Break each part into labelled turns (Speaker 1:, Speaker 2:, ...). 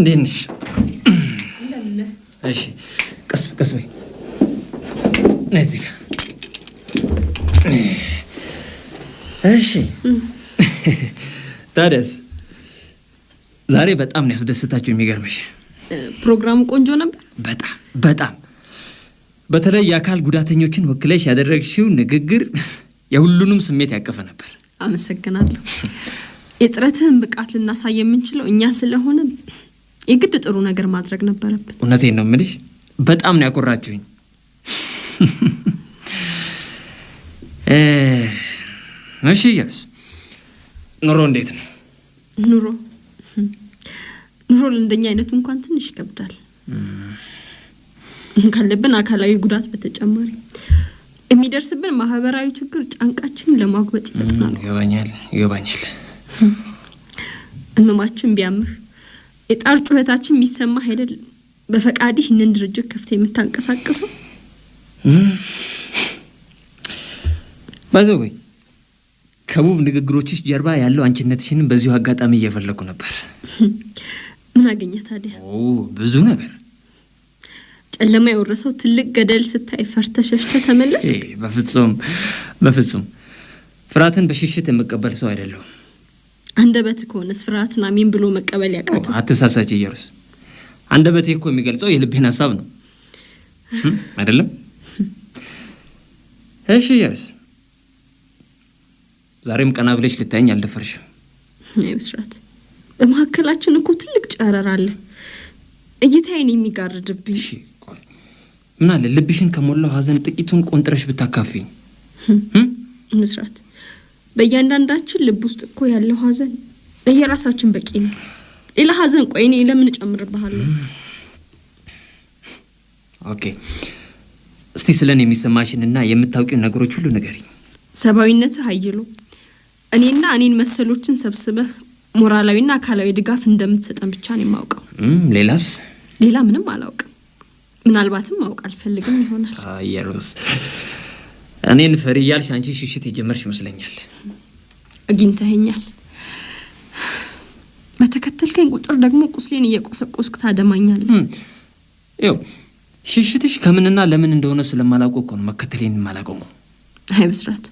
Speaker 1: እንዴት ነሽ? እሺ፣ ቀስ ቀስ በይ። እዚህ ጋር እሺ። ታዲያስ ዛሬ በጣም ነው ያስደስታችሁ። የሚገርምሽ
Speaker 2: ፕሮግራሙ ቆንጆ ነበር።
Speaker 1: በጣም በጣም በተለይ የአካል ጉዳተኞችን ወክለሽ ያደረግሽው ንግግር የሁሉንም ስሜት ያቀፈ ነበር።
Speaker 2: አመሰግናለሁ። የጥረትህን ብቃት ልናሳይ የምንችለው እኛ ስለሆነ? የግድ ጥሩ ነገር ማድረግ ነበረብን።
Speaker 1: እውነቴን ነው የምልሽ፣ በጣም ነው ያኮራችሁኝ። እሺ እያስ ኑሮ እንዴት ነው?
Speaker 2: ኑሮ ኑሮ ለእንደኛ አይነቱ እንኳን ትንሽ ይከብዳል። ካለብን አካላዊ ጉዳት በተጨማሪ የሚደርስብን ማህበራዊ ችግር ጫንቃችን ለማጉበጥ
Speaker 1: ይፈጥናል። ይገባኛል ይገባኛል።
Speaker 2: ህመማችን ቢያምህ የጣር ጩኸታችን የሚሰማህ አይደል? በፈቃድህ ይህንን ድርጅት ከፍተህ የምታንቀሳቅሰው
Speaker 1: ባዘወይ ከቡብ ንግግሮችሽ ጀርባ ያለው አንችነትሽንም በዚሁ አጋጣሚ እየፈለኩ ነበር።
Speaker 2: ምን አገኘ ታዲያ? ብዙ ነገር። ጨለማ የወረሰው ትልቅ ገደል ስታይ ፈርተ ሸሽተ ተመለስ?
Speaker 1: በፍጹም በፍጹም። ፍርሃትን በሽሽት የመቀበል ሰው አይደለሁም።
Speaker 2: አንደበት ከሆነስ ፍርሃትን አሜን ብሎ መቀበል ያቃተው?
Speaker 1: አትሳሳች ኢየሩስ፣ አንደበቴ እኮ የሚገልጸው የልቤን ሀሳብ ነው አይደለም? እሺ ኢየሩስ፣ ዛሬም ቀና ብለሽ ልታየኝ አልደፈርሽም።
Speaker 2: ብስራት፣ በመካከላችን እኮ ትልቅ ጨረር አለ፣ እይታዬን የሚጋርድብኝ።
Speaker 1: ምን አለ ልብሽን ከሞላው ሀዘን ጥቂቱን ቆንጥረሽ ብታካፊኝ።
Speaker 2: ብስራት በእያንዳንዳችን ልብ ውስጥ እኮ ያለው ሀዘን ለየራሳችን በቂ ነው። ሌላ ሀዘን ቆይ እኔ ለምን እጨምርብሃለሁ?
Speaker 1: ኦኬ እስቲ ስለን የሚሰማሽንና የምታውቂውን ነገሮች ሁሉ ንገሪኝ።
Speaker 2: ሰብአዊነትህ አይሎ እኔና እኔን መሰሎችን ሰብስበህ ሞራላዊና አካላዊ ድጋፍ እንደምትሰጠን ብቻ ነው የማውቀው። ሌላስ? ሌላ ምንም አላውቅም። ምናልባትም ማውቅ አልፈልግም ይሆናል።
Speaker 1: አየሩስ እኔን ፈሪ እያልሽ አንቺ ሽሽት የጀመርሽ ይመስለኛል።
Speaker 2: አግኝተኸኛል። በተከተልከኝ ቁጥር ደግሞ ቁስሌን እየቆሰቆስክ ታደማኛለህ።
Speaker 1: ያው ሽሽትሽ ከምንና ለምን እንደሆነ ስለማላውቀው እኮ ነው መከተሌን የማላውቀው።
Speaker 2: አይ ብስራት፣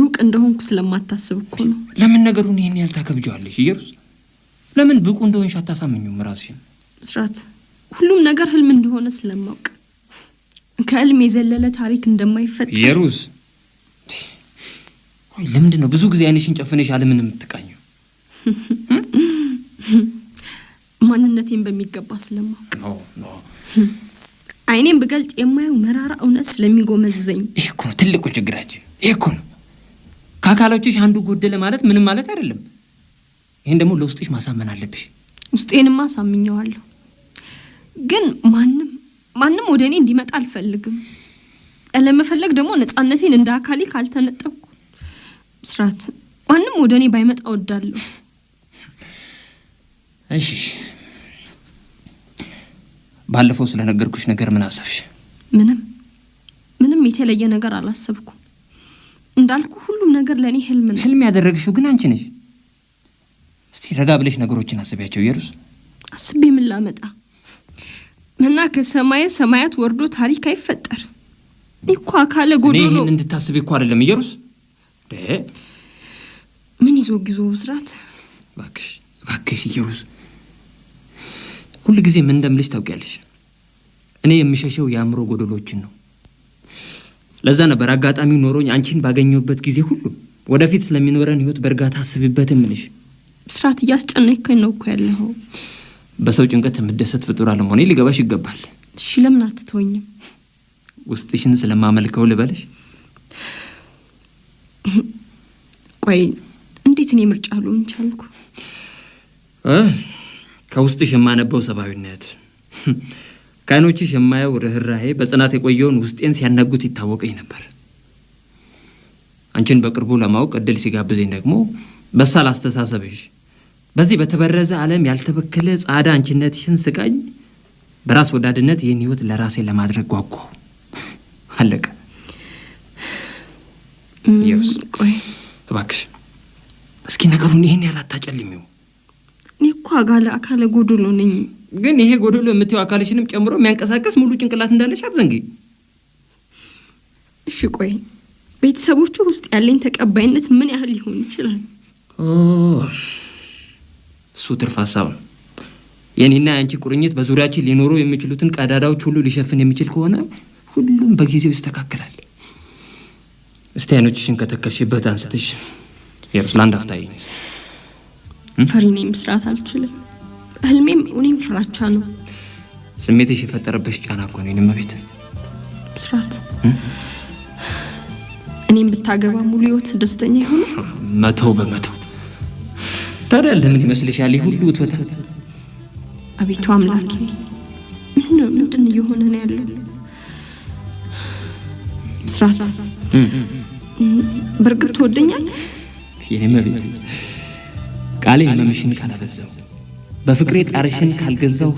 Speaker 2: ሩቅ እንደሆንኩ ስለማታስብ እኮ ነው።
Speaker 1: ለምን ነገሩን ይህን ያህል ታከብጀዋለሽ? እየሩስ ለምን ብቁ እንደሆንሽ አታሳምኙም ራስሽን?
Speaker 2: ብስራት፣ ሁሉም ነገር ህልም እንደሆነ ስለማውቅ ከእልም የዘለለ ታሪክ እንደማይፈጠር
Speaker 1: የሩዝ ለምንድን ነው ብዙ ጊዜ አይንሽን ጨፍነሽ አለምን የምትቃኘው?
Speaker 2: ማንነቴን በሚገባ ስለማውቅ አይኔም ብገልጥ የማየው መራራ እውነት ስለሚጎመዝዘኝ።
Speaker 1: ይህ እኮ ነው ትልቁ ችግራችን። ይህ እኮ ነው። ከአካሎችሽ አንዱ ጎደለ ማለት ምንም ማለት አይደለም። ይህን ደግሞ ለውስጥሽ ማሳመን አለብሽ።
Speaker 2: ውስጤንማ አሳምኘዋለሁ፣ ግን ማንም ማንም ወደ እኔ እንዲመጣ አልፈልግም። ለመፈለግ ደግሞ ነፃነቴን እንደ አካሌ ካልተነጠብኩ ስራት ማንም ወደ እኔ ባይመጣ ወዳለሁ
Speaker 1: እሺ፣ ባለፈው ስለነገርኩሽ ነገር ምን አሰብሽ?
Speaker 2: ምንም ምንም የተለየ ነገር አላሰብኩም። እንዳልኩ ሁሉም ነገር ለእኔ ህልም ነው።
Speaker 1: ህልም ያደረግሽው ግን አንቺ ነሽ። እስቲ ረጋ ብለሽ ነገሮችን አስቢያቸው። ኢየሩስ፣
Speaker 2: አስቤ ምን ላመጣ እና ከሰማየ ሰማያት ወርዶ ታሪክ አይፈጠር እኮ አካለ ጎዶሎ እኔ
Speaker 1: ይህን እንድታስብ እኮ አይደለም እየሩስ
Speaker 2: ምን ይዞ ጊዞ ብስራት
Speaker 1: ባክሽ ባክሽ እየሩስ ሁል ጊዜ ምን እንደምልሽ ታውቂያለሽ እኔ የምሸሸው የአእምሮ ጎደሎችን ነው ለዛ ነበር አጋጣሚ ኖሮኝ አንቺን ባገኘሁበት ጊዜ ሁሉ ወደፊት ስለሚኖረን ህይወት በእርጋታ አስብበት እምልሽ
Speaker 2: ብስራት እያስጨነከኝ ነው እኮ ያለኸው
Speaker 1: በሰው ጭንቀት የምደሰት ፍጡር አለመሆኔ ሊገባሽ ይገባል።
Speaker 2: እሺ ለምን አትተወኝም?
Speaker 1: ውስጥሽን ስለማመልከው ልበልሽ?
Speaker 2: ቆይ እንዴት እኔ ምርጫ አሉ ምንቻልኩ?
Speaker 1: ከውስጥሽ የማነበው ሰብአዊነት፣ ከአይኖችሽ የማየው ርኅራሄ በጽናት የቆየውን ውስጤን ሲያነጉት ይታወቀኝ ነበር። አንቺን በቅርቡ ለማወቅ እድል ሲጋብዘኝ ደግሞ በሳል አስተሳሰብሽ በዚህ በተበረዘ ዓለም ያልተበከለ ጻዳ አንቺነትሽን ስቃኝ በራስ ወዳድነት ይህን ህይወት ለራሴ ለማድረግ ጓጓሁ። አለቀ። ቆይ እባክሽ፣ እስኪ ነገሩን ይህን ያህል አታጨልሚው።
Speaker 2: እኔ እኮ አጋለ አካለ ጎዶሎ ነኝ፣
Speaker 1: ግን ይሄ ጎዶሎ የምትይው አካልሽንም ጨምሮ የሚያንቀሳቀስ ሙሉ ጭንቅላት እንዳለሽ አትዘንጊ።
Speaker 2: እሺ ቆይ ቤተሰቦቹ ውስጥ ያለኝ ተቀባይነት ምን ያህል ሊሆን ይችላል?
Speaker 1: እሱ ትርፍ ሀሳብ ነው። የኔና የአንቺ ቁርኝት በዙሪያችን ሊኖሩ የሚችሉትን ቀዳዳዎች ሁሉ ሊሸፍን የሚችል ከሆነ ሁሉም በጊዜው ይስተካከላል። እስቲ አይኖችሽን ከተከሽበት አንስትሽ የሩስ ለአንድ አፍታ
Speaker 2: ፈሪ ነኝ። መስራት አልችልም። ህልሜም እኔም ፍራቻ ነው።
Speaker 1: ስሜትሽ የፈጠረበሽ ጫና እኮ ነው። እኔማ ቤት
Speaker 2: መስራት እኔም ብታገባ ሙሉ ህይወት ደስተኛ ይሆነ
Speaker 1: መተው በመተው ታዲያ ለምን ይመስልሻል ይህ ሁሉ ውትወታ?
Speaker 2: አቤቱ አምላኬ ምንድን እየሆነ ነው ያለው? ብስራት በእርግጥ ትወደኛል?
Speaker 1: የኔ መቤት ቃሌ ህመምሽን ካላበዛው በፍቅሬ ጣርሽን ካልገዛው፣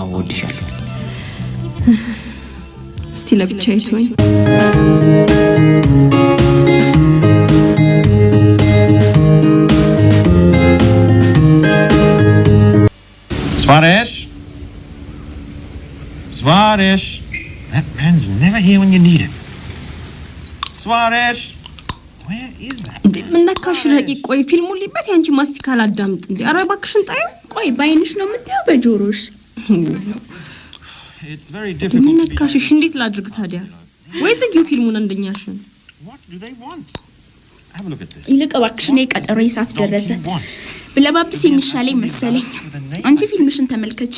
Speaker 1: አዎ
Speaker 2: እስቲ ለብቻ ይተወኝ።
Speaker 1: Suarez? Suarez? That man's never here when you need him. Suarez? Where is that?
Speaker 2: ምን ረቂቅ ቆይ፣ ፊልሙ ሊበት ያንቺ ማስቲካ አላዳምጥ እንዴ! እባክሽን ጣዩ። ቆይ በአይንሽ ነው የምታየው በጆሮሽ? ምን እንዴት ላድርግ ታዲያ? ወይስ ጊው ፊልሙን አንደኛሽን ይልቅ እባክሽ ቀጠሮ ቀጠሮዬ ሰዓት ደረሰ። ብለባብስ የሚሻለኝ መሰለኝ። አንቺ ፊልምሽን ተመልከች።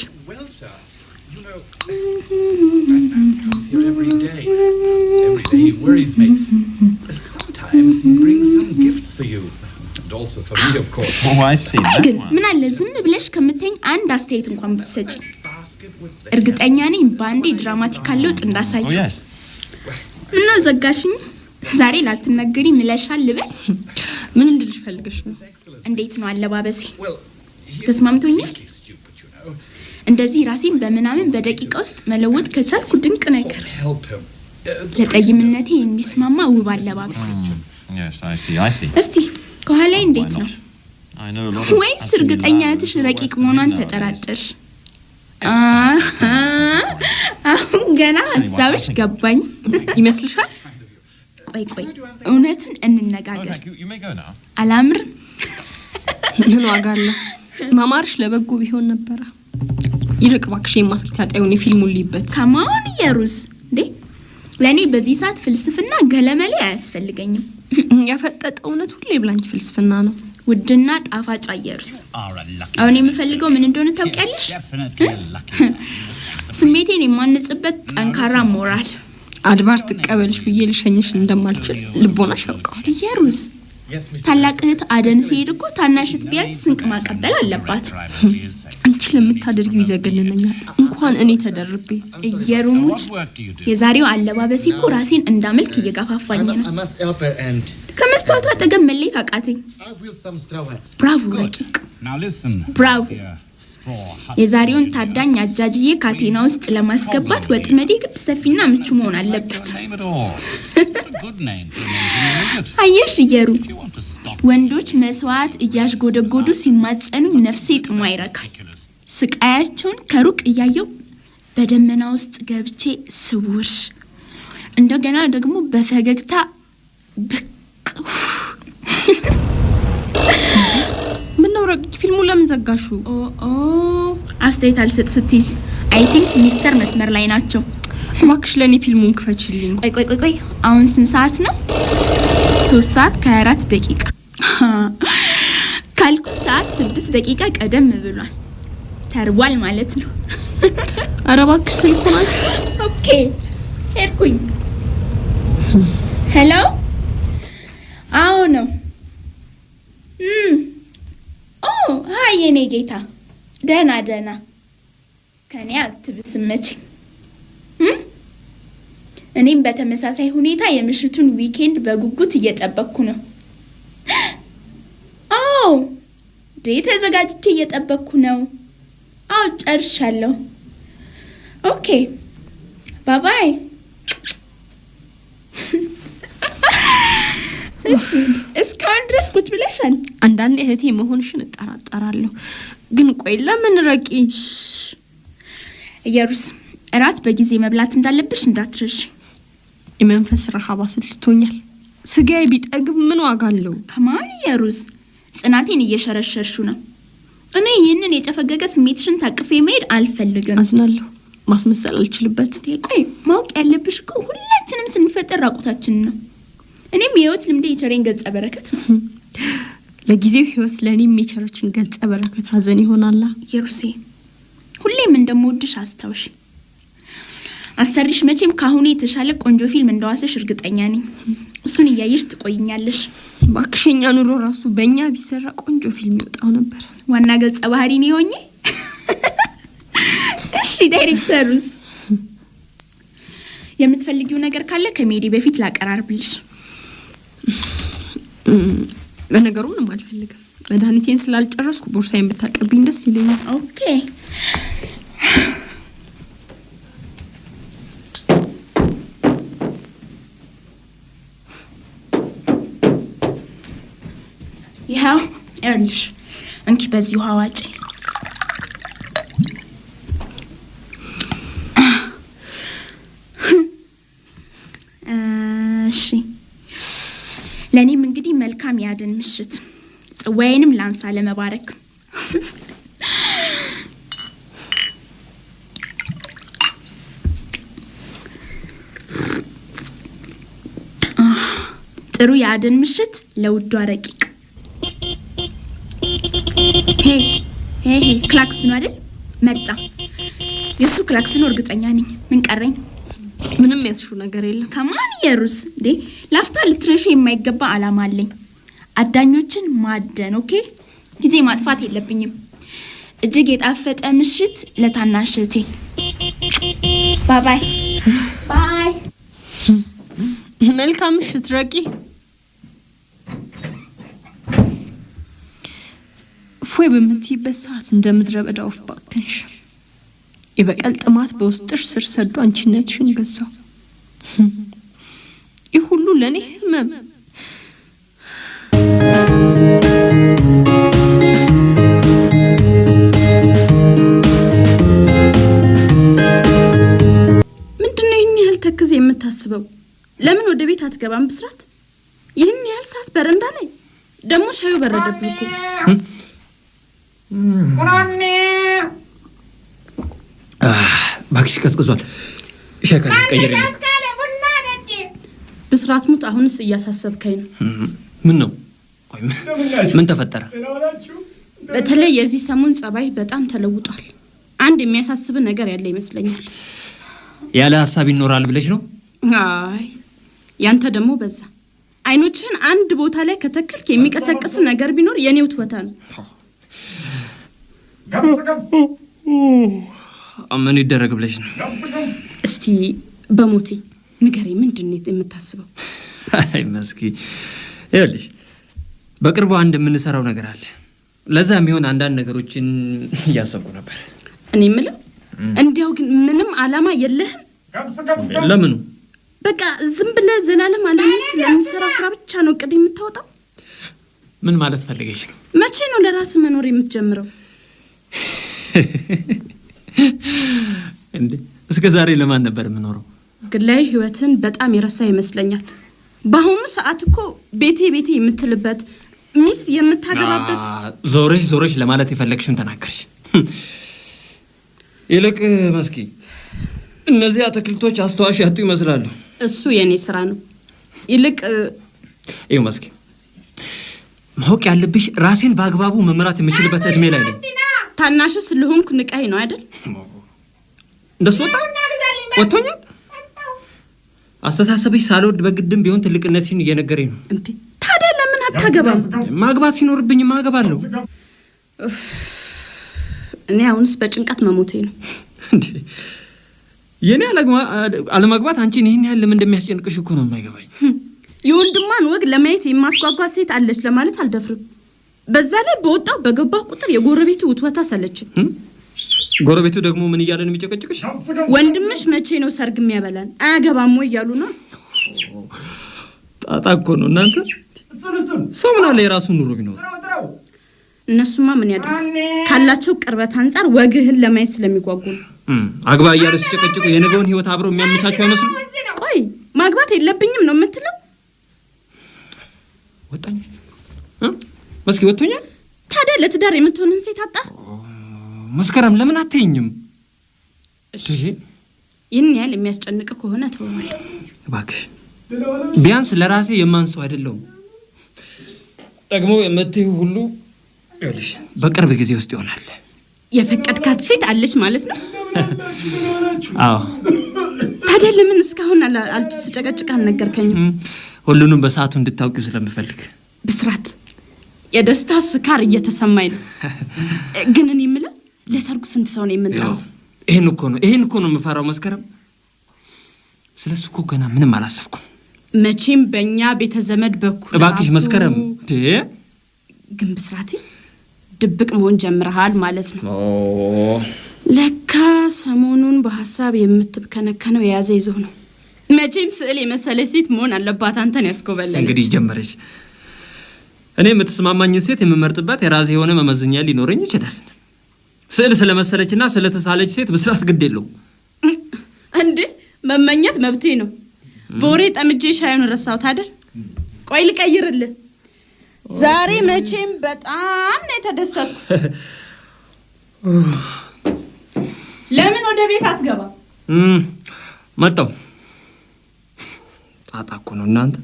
Speaker 2: ግን ምን አለ ዝም ብለሽ ከምተኝ አንድ አስተያየት እንኳን ብትሰጭ እርግጠኛ ነኝ በአንዴ ድራማቲክ ለውጥ እንዳሳየ። ምነው oh, ዘጋሽኝ? ዛሬ ላትነገሪ ምለሻል ልበል? ምን እንድልሽ ፈልገሽ ነው? እንዴት ነው አለባበሴ? ተስማምቶኛል? እንደዚህ ራሴን በምናምን በደቂቃ ውስጥ መለወጥ ከቻልኩ ድንቅ ነገር። ለጠይምነቴ የሚስማማ ውብ አለባበስ። እስቲ ከኋላይ እንዴት ነው? ወይስ እርግጠኛ እህትሽ ረቂቅ መሆኗን ተጠራጠርሽ? አሁን ገና ሀሳብሽ ገባኝ ይመስልሻል? ቆይ ቆይ፣ እውነቱን እንነጋገር። oh, አላምርም? ምን ዋጋ አለ? ማማርሽ ለበጎ ቢሆን ነበረ። ይልቅ እባክሽ የማስጌጣጣዩን የፊልሙን ሊበት ከማሆን የሩስ እንዴ! ለእኔ በዚህ ሰዓት ፍልስፍና ገለመሌ አያስፈልገኝም። ያፈጠጠ እውነት ሁሌ ብላንች ፍልስፍና ነው። ውድና ጣፋጭ አየሩስ፣ አሁን የምፈልገው ምን እንደሆነ ታውቂያለሽ? ስሜቴን የማንጽበት ጠንካራ ሞራል አድባር ትቀበልሽ ብዬ ልሸኝሽ እንደማልችል ልቦናሽ ያውቀዋል። ኢየሩስ ታላቅ እህት አደን ሲሄድ እኮ ታናሽት ቢያንስ ስንቅ ማቀበል አለባት። አንቺ ለምታደርጊው ይዘገንነኛል፣ እንኳን እኔ ተደርቤ። እየሩሙች የዛሬው አለባበሴ እኮ ራሴን እንዳመልክ እየጋፋፋኝ ነው። ከመስታወቱ አጠገብ መለየት አቃተኝ። ብራቮ ረቂቅ፣ ብራቮ የዛሬውን ታዳኝ አጃጅዬ ካቴና ውስጥ ለማስገባት ወጥመዴ ግድ ሰፊና ምቹ መሆን አለበት። አየሽ እየሩ፣ ወንዶች መስዋዕት እያሽጎደጎዱ ሲማጸኑኝ ነፍሴ ጥሞ አይረካል። ስቃያቸውን ከሩቅ እያየው በደመና ውስጥ ገብቼ ስውር እንደገና ደግሞ በፈገግታ ብቅ ረግጭ ፊልሙን ለምን ዘጋሹ? አስተያየት አልሰጥ ስትይስ አይ ቲንክ ሚስተር መስመር ላይ ናቸው። እባክሽ ለእኔ ፊልሙን ክፈችልኝ። ቆይ ቆይ ቆይ ቆይ፣ አሁን ስንት ሰዓት ነው? ሶስት ሰዓት ከ24 ደቂቃ ካልኩት ሰዓት ስድስት ደቂቃ ቀደም ብሏል። ተርቧል ማለት ነው። ኧረ እባክሽ ስልኩ ናት። ኦኬ ሄድኩኝ። ሄሎ፣ አዎ ነው ሀይ የኔ ጌታ ደህና ደህና። ከኔ አትብስመች። እኔም በተመሳሳይ ሁኔታ የምሽቱን ዊኬንድ በጉጉት እየጠበቅኩ ነው። አዎ ዴ ተዘጋጅቼ እየጠበቅኩ ነው። አዎ ጨርሻለሁ። ኦኬ ባባይ እስካሁን ድረስ ቁጭ ብለሻል። አንዳንዴ እህቴ መሆንሽን እጠራጠራለሁ። ግን ቆይ ለምን ረቂ እየሩስ እራት በጊዜ መብላት እንዳለብሽ እንዳትረሽ። የመንፈስ ረሃብ አስልቶኛል። ስጋዬ ቢጠግብ ምን ዋጋ አለው? ከማን እየሩስ፣ ጽናቴን እየሸረሸርሹ ነው። እኔ ይህንን የጨፈገገ ስሜትሽን ታቅፌ መሄድ አልፈልግም። አዝናለሁ። ማስመሰል አልችልበት። ቆይ ማወቅ ያለብሽ እኮ ሁላችንም ስንፈጠር ራቁታችን ነው። እኔም የህይወት ልምዴ የቸረኝ ገጸ በረከት ነው። ለጊዜው ህይወት ለእኔም የቸረችን ገጸ በረከት ሀዘን ይሆናላ። የሩሴ ሁሌም እንደምወድሽ አስታውሽ። አሰሪሽ መቼም ከአሁኑ የተሻለ ቆንጆ ፊልም እንደዋሰሽ እርግጠኛ ነኝ። እሱን እያየሽ ትቆይኛለሽ። ባክሸኛ ኑሮ ራሱ በእኛ ቢሰራ ቆንጆ ፊልም ይወጣው ነበር። ዋና ገጸ ባህሪ ነው የሆኜ። እሺ ዳይሬክተሩስ? የምትፈልጊው ነገር ካለ ከሜዲ በፊት ላቀራርብልሽ። ለነገሩ ምንም አልፈልግም። መድኃኒቴን ስላልጨረስኩ ቦርሳዬን ብታቀብኝ ደስ ይለኛል። ኦኬ ይኸው፣ ይኸውልሽ እንኪ በዚህ ውሃ ዋጭ። መልካም ያድን ምሽት ጽዋዬንም ላንሳ ለመባረክ ጥሩ የአድን ምሽት ለውዷ ረቂቅ። ክላክስ ነው አይደል? መጣ የእሱ ክላክስኑ እርግጠኛ ነኝ። ምን ቀረኝ? ምንም ያስሹ ነገር የለም። ከማን የሩስ እንዴ! ላፍታ ልትረሹ የማይገባ አላማ አለኝ። አዳኞችን ማደን። ኦኬ፣ ጊዜ ማጥፋት የለብኝም። እጅግ የጣፈጠ ምሽት ለታናሽ እህቴ። ባባይ ባይ። መልካም ምሽት ረቂ። እፎይ በምትይበት ሰዓት ምድረ በዳ ወፍ ባክተንሽ፣ የበቀል ጥማት በውስጥሽ ስር ሰዶ አንቺነትሽን ገዛው። ይህ ሁሉ ለእኔ ህመም ያህል ተክዝ የምታስበው? ለምን ወደ ቤት አትገባም? ብስራት፣ ይህን ያህል ሰዓት በረንዳ ላይ ደግሞ ሻዩ በረደብኝ እኮ።
Speaker 1: እባክሽ ቀዝቅዟል። ሻይ
Speaker 2: ብስራት ሙት፣ አሁንስ እያሳሰብከኝ ነው።
Speaker 1: ምን ነው? ምን ተፈጠረ?
Speaker 2: በተለይ የዚህ ሰሞን ጸባይ በጣም ተለውጧል። አንድ የሚያሳስብ ነገር ያለ ይመስለኛል።
Speaker 1: ያለ ሀሳብ ይኖራል ብለሽ ነው?
Speaker 2: አይ ያንተ ደግሞ በዛ። አይኖችን አንድ ቦታ ላይ ከተከልክ የሚቀሰቅስ ነገር ቢኖር የኔው ትወታ ነው።
Speaker 1: ምን ይደረግ ብለሽ ነው?
Speaker 2: እስቲ በሞቴ ንገሬ፣ ምንድን የምታስበው?
Speaker 1: አይ መስኪ፣ ይኸውልሽ በቅርቡ አንድ የምንሰራው ነገር አለ። ለዛ የሚሆን አንዳንድ ነገሮችን እያሰብኩ ነበር።
Speaker 2: እኔ የምለው እንዲያው ግን ምንም አላማ የለህም። ለምኑ በቃ ዝም ብለህ ዘላለም አላማ ስለምንሰራ ስራ ብቻ ነው እቅድ የምታወጣው።
Speaker 1: ምን ማለት ፈልገሽ ነው?
Speaker 2: መቼ ነው ለራስ መኖር የምትጀምረው?
Speaker 1: እንዴ እስከ ዛሬ ለማን ነበር የምኖረው?
Speaker 2: ግላዊ ህይወትን በጣም የረሳ ይመስለኛል። በአሁኑ ሰዓት እኮ ቤቴ ቤቴ የምትልበት ሚስት የምታገባበት
Speaker 1: ዞረሽ ዞረሽ ለማለት የፈለግሽን ተናገርሽ። ይልቅ መስኪ እነዚህ አትክልቶች አስተዋሽ ያጡ ይመስላሉ።
Speaker 2: እሱ የእኔ ስራ ነው። ይልቅ
Speaker 1: ይኸው መስኪ ማወቅ ያለብሽ ራሴን በአግባቡ መምራት የምችልበት እድሜ ላይ ነው።
Speaker 2: ታናሽስ ልሆንኩ ንቃይ ነው አይደል?
Speaker 1: እንደሱ ወጣ ወጥቶኛል። አስተሳሰብሽ ሳልወድ በግድም ቢሆን ትልቅነትሽን እየነገረኝ ነው።
Speaker 2: እንዴ ታዲያ ለምን አታገባም?
Speaker 1: ማግባት ሲኖርብኝ ማገባለሁ።
Speaker 2: እኔ አሁንስ በጭንቀት መሞቴ ነው።
Speaker 1: የእኔ አለመግባት አንቺን ይህን ያህል ለምን እንደሚያስጨንቅሽ እኮ ነው የማይገባኝ።
Speaker 2: የወንድሟን ወግ ለማየት የማትጓጓ ሴት አለች ለማለት አልደፍርም። በዛ ላይ በወጣው በገባው ቁጥር የጎረቤቱ ውትወታ ሰለችን።
Speaker 1: ጎረቤቱ ደግሞ ምን እያለ ነው የሚጨቀጭቅሽ?
Speaker 2: ወንድምሽ መቼ ነው ሰርግ የሚያበላን አያገባም ወይ እያሉ ነው።
Speaker 1: ጣጣ እኮ ነው እናንተ። ሰው ምን አለ የራሱን ኑሮ ቢኖር
Speaker 2: እነሱማ ምን ያድርግ ካላቸው ቅርበት አንጻር ወግህን ለማየት ስለሚጓጉ ነው።
Speaker 1: አግባ እያሉ ሲጨቀጭቁ የነገውን ህይወት አብረው የሚያመቻቸው አይመስሉ።
Speaker 2: ቆይ ማግባት የለብኝም ነው የምትለው?
Speaker 1: ወጣኝ መስኪ ወጥቶኛል።
Speaker 2: ታዲያ ለትዳር የምትሆንን ሴት አጣ።
Speaker 1: መስከረም ለምን አትይኝም? እሺ
Speaker 2: ይህን ያህል የሚያስጨንቅ ከሆነ ተወዋለሁ።
Speaker 1: እባክሽ ቢያንስ ለራሴ የማንሰው አይደለውም። ደግሞ የምትይው ሁሉ ይኸውልሽ በቅርብ ጊዜ ውስጥ ይሆናል።
Speaker 2: የፈቀድካት ሴት አለች ማለት ነው?
Speaker 1: አዎ።
Speaker 2: ታዲያ ለምን እስካሁን ስጨቀጭቅ አልነገርከኝም?
Speaker 1: ሁሉንም በሰዓቱ እንድታውቂው ስለምፈልግ።
Speaker 2: ብስራት፣ የደስታ ስካር እየተሰማኝ ነው። ግን እኔ የምለው ለሰርጉ ስንት ሰው ነው የምንጠራው?
Speaker 1: ይህን እኮ ነው ይህን እኮ ነው የምፈራው። መስከረም፣ ስለ እሱ እኮ ገና ምንም አላሰብኩም።
Speaker 2: መቼም በእኛ ቤተ ዘመድ በኩል
Speaker 1: እባክሽ መስከረም።
Speaker 2: ግን ብስራቴ ድብቅ መሆን ጀምረሃል ማለት ነው። ለካ ሰሞኑን በሀሳብ የምትብከነከነው የያዘ ይዘው ነው። መቼም ስዕል የመሰለች ሴት መሆን አለባት አንተን ያስኮበለለች።
Speaker 1: እንግዲህ ጀመረች። እኔ የምትስማማኝን ሴት የምመርጥበት የራሴ የሆነ መመዘኛ ሊኖረኝ ይችላል። ስዕል ስለመሰለችና ስለተሳለች ሴት ብስራት ግድ የለው።
Speaker 2: እንዴ መመኘት መብቴ ነው። በወሬ ጠምጄ ሻዩን ረሳሁት አይደል? ቆይ ልቀይርልህ። ዛሬ መቼም በጣም ነው የተደሰትኩት። ለምን ወደ ቤት አትገባ?
Speaker 1: መጣው ጣጣ እኮ ነው እናንተ።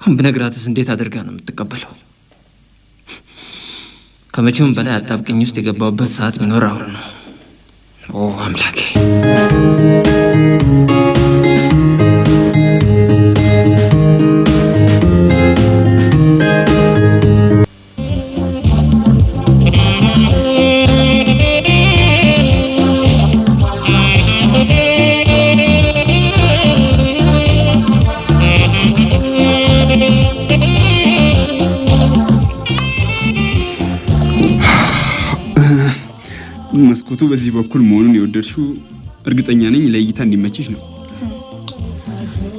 Speaker 1: አሁን ብነግራትስ እንዴት አድርጋ ነው የምትቀበለው? ከመቼውም በላይ አጣብቅኝ ውስጥ የገባሁበት ሰዓት ቢኖር አሁን ነው። ኦ አምላኬ ሽንኩርቱ በዚህ በኩል መሆኑን የወደድሽው እርግጠኛ ነኝ ለእይታ እንዲመችሽ ነው።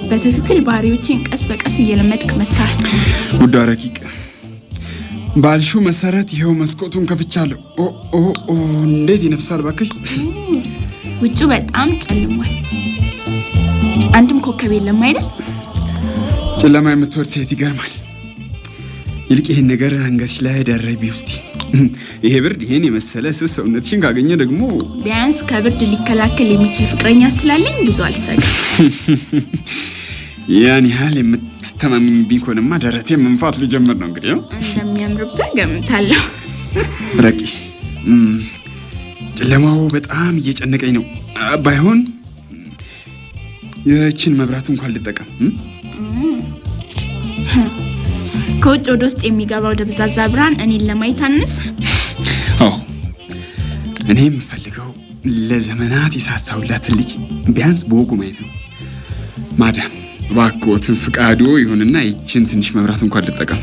Speaker 2: በትክክል ባህሪዎችን ቀስ በቀስ እየለመድክ መታል።
Speaker 1: ውድ ረቂቅ ባልሹ መሰረት ይኸው መስኮቱን ከፍቻለሁ። ኦ እንዴት ይነፍሳል ባክሽ!
Speaker 2: ውጩ በጣም ጨልሟል። አንድም ኮከብ የለም አይደል?
Speaker 1: ጨለማ የምትወድ ሴት ይገርማል። ይልቅ ይህን ነገር አንገትሽ ላይ ደረቢ ውስቲ ይሄ ብርድ ይሄን የመሰለ ስስ ሰውነትሽን ካገኘ ደግሞ
Speaker 2: ቢያንስ ከብርድ ሊከላከል የሚችል ፍቅረኛ ስላለኝ ብዙ አልሰግም።
Speaker 1: ያን ያህል የምትተማመኝብኝ ከሆነማ ደረቴ መንፋት ሊጀምር ነው። እንግዲህ
Speaker 2: እንደሚያምርብህ ገምታለሁ።
Speaker 1: ረቂ ጨለማው በጣም እየጨነቀኝ ነው። ባይሆን ይህችን መብራት እንኳን ልጠቀም
Speaker 2: ከውጭ ወደ ውስጥ የሚገባው ደብዛዛ ብርሃን እኔን ለማየት አነሰ።
Speaker 1: እኔ የምፈልገው ለዘመናት የሳሳውላትን ልጅ ቢያንስ በወጉ ማየት ነው። ማዳም ባኮትን ፍቃዶ ይሁንና ይችን ትንሽ መብራት እንኳን ልጠቀም።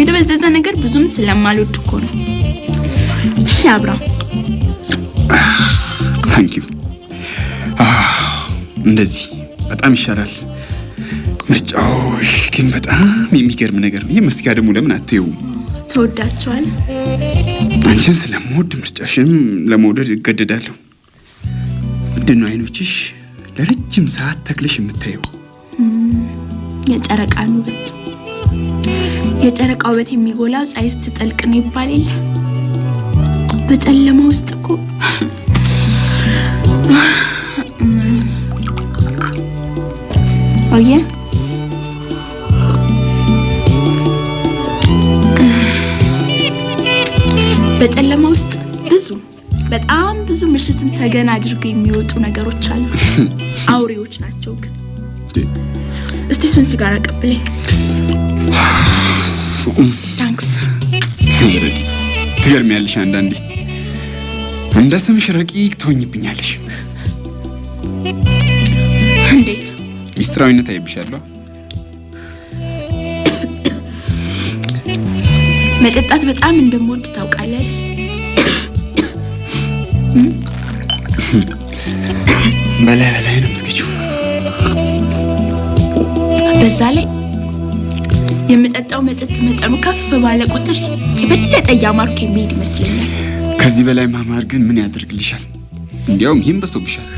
Speaker 2: የደበዘዘ ነገር ብዙም ስለማልወድ እኮ ነው። እሺ
Speaker 1: ታንኪዩ። እንደዚህ በጣም ይሻላል። ምርጫዎሽ ግን በጣም የሚገርም ነገር ነው። ይህ መስኪያ ደግሞ ለምን አትይውም?
Speaker 2: ተወዳቸዋል።
Speaker 1: አንቺን ስለምወድ ምርጫሽም ለመውደድ እገደዳለሁ። ምንድነው አይኖችሽ ለረጅም ሰዓት ተክለሽ የምታየው?
Speaker 2: የጨረቃን ውበት የጨረቃ ውበት የሚጎላው ፀሐይ ስትጠልቅ ነው ይባል የለ። በጨለማ ውስጥ እኮ አየህ በጨለማ ውስጥ ብዙ በጣም ብዙ ምሽትን ተገና አድርገው የሚወጡ ነገሮች አሉ። አውሬዎች ናቸው። ግን እስቲ እሱን ሲጋር ቀብለኝ። ታንክስ።
Speaker 1: ያለሽ አንዳንዴ እንደ ስምሽ ረቂቅ ትሆኝብኛለሽ። እንዴት ሚስጥራዊነት አይብሻለሁ
Speaker 2: መጠጣት በጣም እንደምወድ ታውቃለህ።
Speaker 1: በላይ በላይ ነው የምትገችው።
Speaker 2: በዛ ላይ የምጠጣው መጠጥ መጠኑ ከፍ ባለ ቁጥር የበለጠ እያማርኩ የሚሄድ ይመስለኛል።
Speaker 1: ከዚህ በላይ ማማር ግን ምን ያደርግልሻል? እንዲያውም ይህም በዝቶብሻል።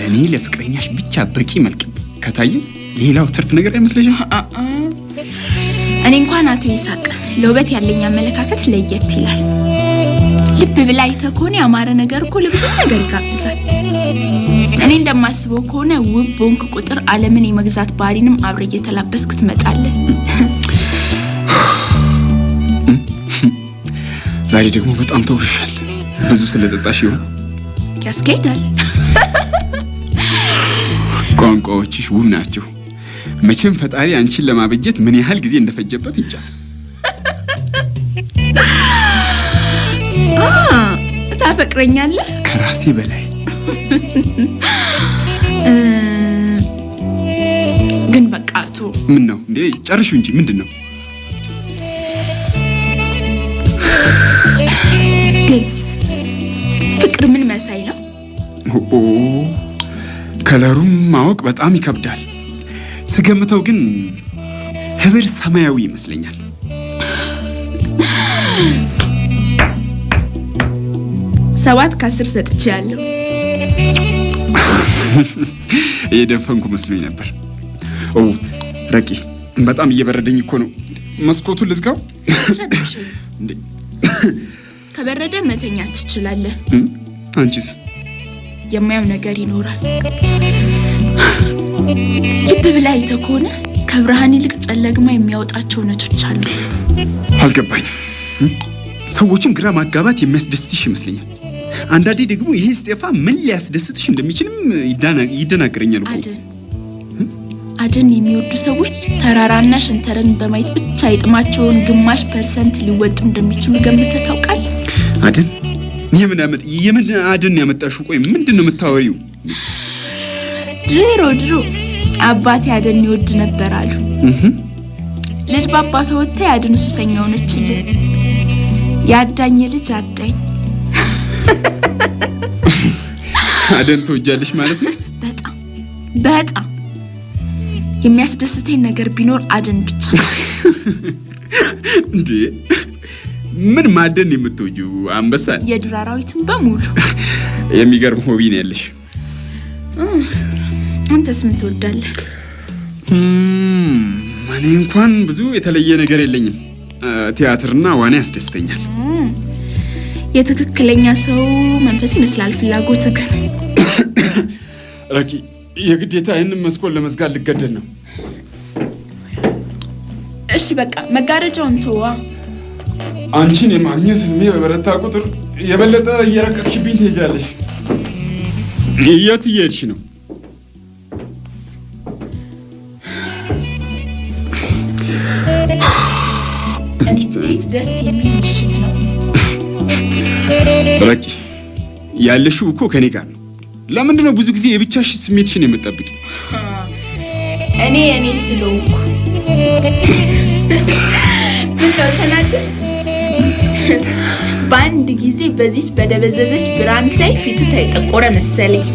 Speaker 1: ለእኔ ለፍቅረኛሽ ብቻ በቂ መልክ ከታየ ሌላው ትርፍ ነገር አይመስለሽም?
Speaker 2: እኔ እንኳን አቶ ይሳቅ ለውበት ያለኝ አመለካከት ለየት ይላል። ልብ ብላ አይተህ ከሆነ ያማረ ነገር እኮ ለብዙ ነገር ይጋብዛል። እኔ እንደማስበው ከሆነ ውብ በሆንክ ቁጥር ዓለምን የመግዛት ባህሪንም አብረ እየተላበስክ ትመጣለህ።
Speaker 1: ዛሬ ደግሞ በጣም ተውሻል። ብዙ ስለጠጣሽ ይሆን? ያስኬዳል። ቋንቋዎችሽ ውብ ናቸው። መቼም ፈጣሪ አንቺን ለማበጀት ምን ያህል ጊዜ እንደፈጀበት ይቻል
Speaker 2: ታፈቅረኛለህ?
Speaker 1: ከራሴ በላይ
Speaker 2: ግን በቃ ቱ
Speaker 1: ምን ነው እንዴ? ጨርሹ እንጂ ምንድን ነው
Speaker 2: ግን ፍቅር ምን መሳይ ነው?
Speaker 1: ከለሩም ማወቅ በጣም ይከብዳል። ስገምተው ግን ህብር ሰማያዊ ይመስለኛል።
Speaker 2: ሰባት ከአስር ሰጥቼ ያለው
Speaker 1: እየደፈንኩ መስሎኝ ነበር። ኦ ረቂ፣ በጣም እየበረደኝ እኮ ነው። መስኮቱን ልዝጋው።
Speaker 2: ከበረደ መተኛ ትችላለህ። አንቺስ? የማየው ነገር ይኖራል። ልብ ብለህ አይተህ ከሆነ ከብርሃን ይልቅ ጨለግማ የሚያወጣቸው እውነቶች አሉ።
Speaker 1: አልገባኝም። ሰዎችን ግራ ማጋባት የሚያስደስትሽ ይመስለኛል። አንዳንዴ ደግሞ ይሄ ስጤፋ ምን ሊያስደስትሽ እንደሚችልም ይደናገረኛል።
Speaker 2: አደን አደን የሚወዱ ሰዎች ተራራና ሸንተረን በማየት ብቻ የጥማቸውን ግማሽ ፐርሰንት ሊወጡ እንደሚችሉ ገምተ ታውቃል?
Speaker 1: አደን የምን የምን አደን ያመጣሽው? ቆይ ምንድን ነው የምታወሪው?
Speaker 2: ድሮ ድሮ አባቴ አደን ይወድ ነበር አሉ። ልጅ በአባቷ ወጥታ የአደን ሱሰኛ ሆነችልህ። የአዳኝ ልጅ አዳኝ
Speaker 1: አደን ትወጃለሽ ማለት ነው።
Speaker 2: በጣም በጣም የሚያስደስተኝ ነገር ቢኖር አደን ብቻ።
Speaker 1: እንዴ ምን ማደን የምትወጂው? አንበሳ፣
Speaker 2: የዱር አራዊትን በሙሉ።
Speaker 1: የሚገርም ሆቢ ነው ያለሽ።
Speaker 2: አንተስ ምን ትወዳለህ?
Speaker 1: እኔ እንኳን ብዙ የተለየ ነገር የለኝም። ቲያትርና ዋና ያስደስተኛል።
Speaker 2: የትክክለኛ ሰው መንፈስ ይመስላል። ፍላጎት ግን
Speaker 1: ረኪ፣ የግዴታ ይህንን መስኮን ለመዝጋት ልገደል ነው።
Speaker 2: እሺ በቃ መጋረጃውን ተዋ።
Speaker 1: አንቺን የማግኘት ህልሜ በበረታ ቁጥር የበለጠ እየረቀቅሽብኝ ትሄጃለሽ። የት እየሄድሽ ነው?
Speaker 2: አቤት ደስ የሚል ምሽት ነው።
Speaker 1: በቂ ያለሽው እኮ ከኔ ጋር ነው። ለምንድን ነው ብዙ ጊዜ የብቻሽ ስሜትሽን የምጠብቅ?
Speaker 2: እኔ እኔ ስለሆንኩ ተናደር በአንድ ጊዜ በዚች በደበዘዘች ብርሃን ሳይ ፊት ተጠቆረ መሰለኝ።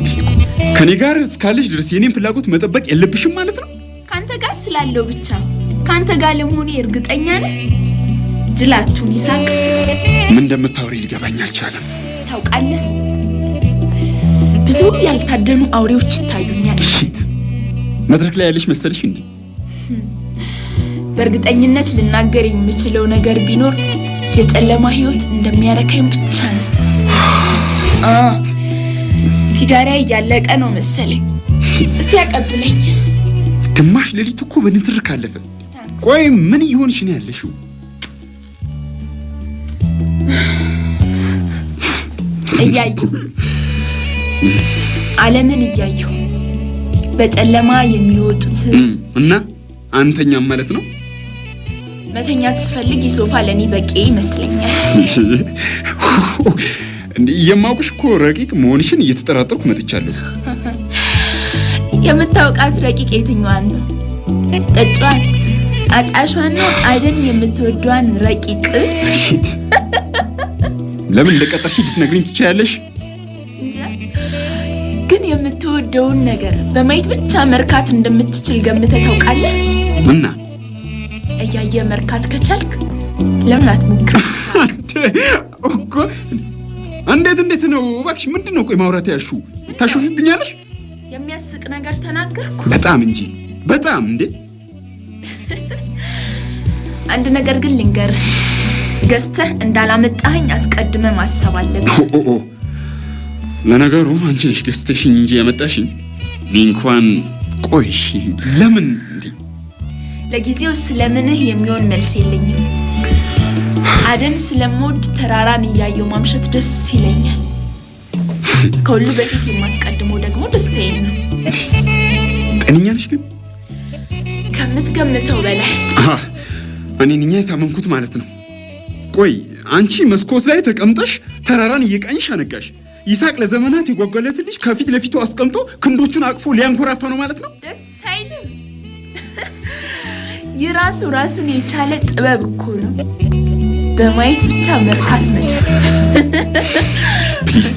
Speaker 1: ከኔ ጋር እስካለሽ ድረስ የኔን ፍላጎት መጠበቅ የለብሽም ማለት ነው።
Speaker 2: ካንተ ጋር ስላለው ብቻ ካንተ ጋር ለመሆኔ እርግጠኛ ነህ? ጅላችሁን ይሳቅ።
Speaker 1: ምን እንደምታወሪ ሊገባኝ አልቻለም።
Speaker 2: ታውቃለህ ብዙ ያልታደኑ አውሬዎች ይታዩኛል።
Speaker 1: መድረክ ላይ ያለሽ መሰልሽ እንዴ?
Speaker 2: በእርግጠኝነት ልናገር የምችለው ነገር ቢኖር የጨለማ ህይወት እንደሚያረካኝ ብቻ ነው። ሲጋራ እያለቀ ነው መሰለኝ። እስቲ ያቀብለኝ።
Speaker 1: ግማሽ ሌሊት እኮ በንትርክ አለፈ። ቆይ ምን እየሆንሽ ነው ያለሽው?
Speaker 2: እያየሁ ዓለምን እያየሁ በጨለማ የሚወጡት
Speaker 1: እና አንተኛም ማለት ነው።
Speaker 2: መተኛት ስፈልግ ይሶፋ ለእኔ በቂ ይመስለኛል።
Speaker 1: የማውቅሽ እኮ ረቂቅ መሆንሽን እየተጠራጠርኩ መጥቻለሁ።
Speaker 2: የምታውቃት ረቂቅ የትኛዋን ነው? ጠጫዋን፣ አጫሿን ነው አይደል? የምትወዷን ረቂቅ
Speaker 1: ለምን ለቀጠርሽ ልትነግሪኝ ትችያለሽ?
Speaker 2: ግን የምትወደውን ነገር በማየት ብቻ መርካት እንደምትችል ገምተህ ታውቃለህ? እና እያየ መርካት ከቻልክ ለምን አትሞክር
Speaker 1: እኮ። እንዴት እንዴት ነው እባክሽ? ምንድን ነው ቆይ ማውራት ያሹ ታሾፊብኛለሽ?
Speaker 2: የሚያስቅ ነገር ተናገርኩ?
Speaker 1: በጣም እንጂ በጣም እንዴ።
Speaker 2: አንድ ነገር ግን ልንገርህ ገዝተህ እንዳላመጣኸኝ አስቀድመ ማሰብ አለብህ።
Speaker 1: ለነገሩ አንቺ ነሽ ገዝተሽኝ እንጂ ያመጣሽኝ። እንኳን ቆይሽ ለምን እንዴ?
Speaker 2: ለጊዜው ስለምንህ የሚሆን መልስ የለኝም። አደን ስለምወድ ተራራን እያየው ማምሸት ደስ ይለኛል። ከሁሉ በፊት የማስቀድመው ደግሞ ደስታዬን ነው። ጤነኛ ነሽ ግን? ከምትገምተው በላይ
Speaker 1: እኔ ነኝ የታመምኩት ማለት ነው። ቆይ አንቺ መስኮት ላይ ተቀምጠሽ ተራራን እየቃኝሽ አነጋሽ። ይስሐቅ ለዘመናት የጓጓለት ልጅ ከፊት ለፊቱ አስቀምጦ ክንዶቹን አቅፎ ሊያንኮራፋ ነው ማለት ነው።
Speaker 2: ደስ አይልም? የራሱ ራሱን የቻለ ጥበብ እኮ ነው። በማየት ብቻ መርካት መቻል።
Speaker 1: ፕሊስ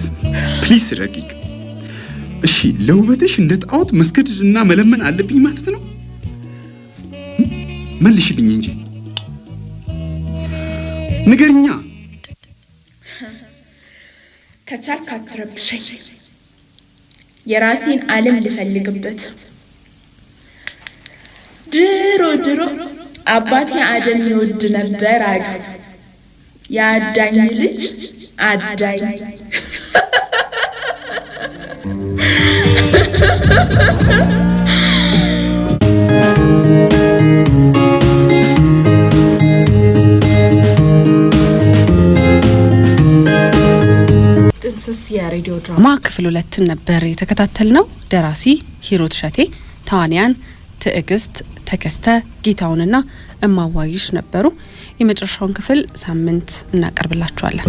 Speaker 1: ፕሊስ ረቂቅ። እሺ ለውበትሽ እንደ ጣዖት መስገድ እና መለመን አለብኝ ማለት ነው? መልሽልኝ እንጂ ንገርኛ።
Speaker 2: ከቻልክ አትረብሸኝ፣ የራሴን ዓለም ልፈልግበት። ድሮ ድሮ አባቴ አደን ይወድ ነበር አሉ የአዳኝ ልጅ አዳኝ ስስ የሬዲዮ ድራማ ክፍል ሁለትን ነበር የተከታተል ነው። ደራሲ ሂሩት ሸቴ፣ ተዋንያን ትዕግስት ተከስተ፣ ጌታውንና እማዋይሽ ነበሩ። የመጨረሻውን ክፍል ሳምንት እናቀርብላችኋለን።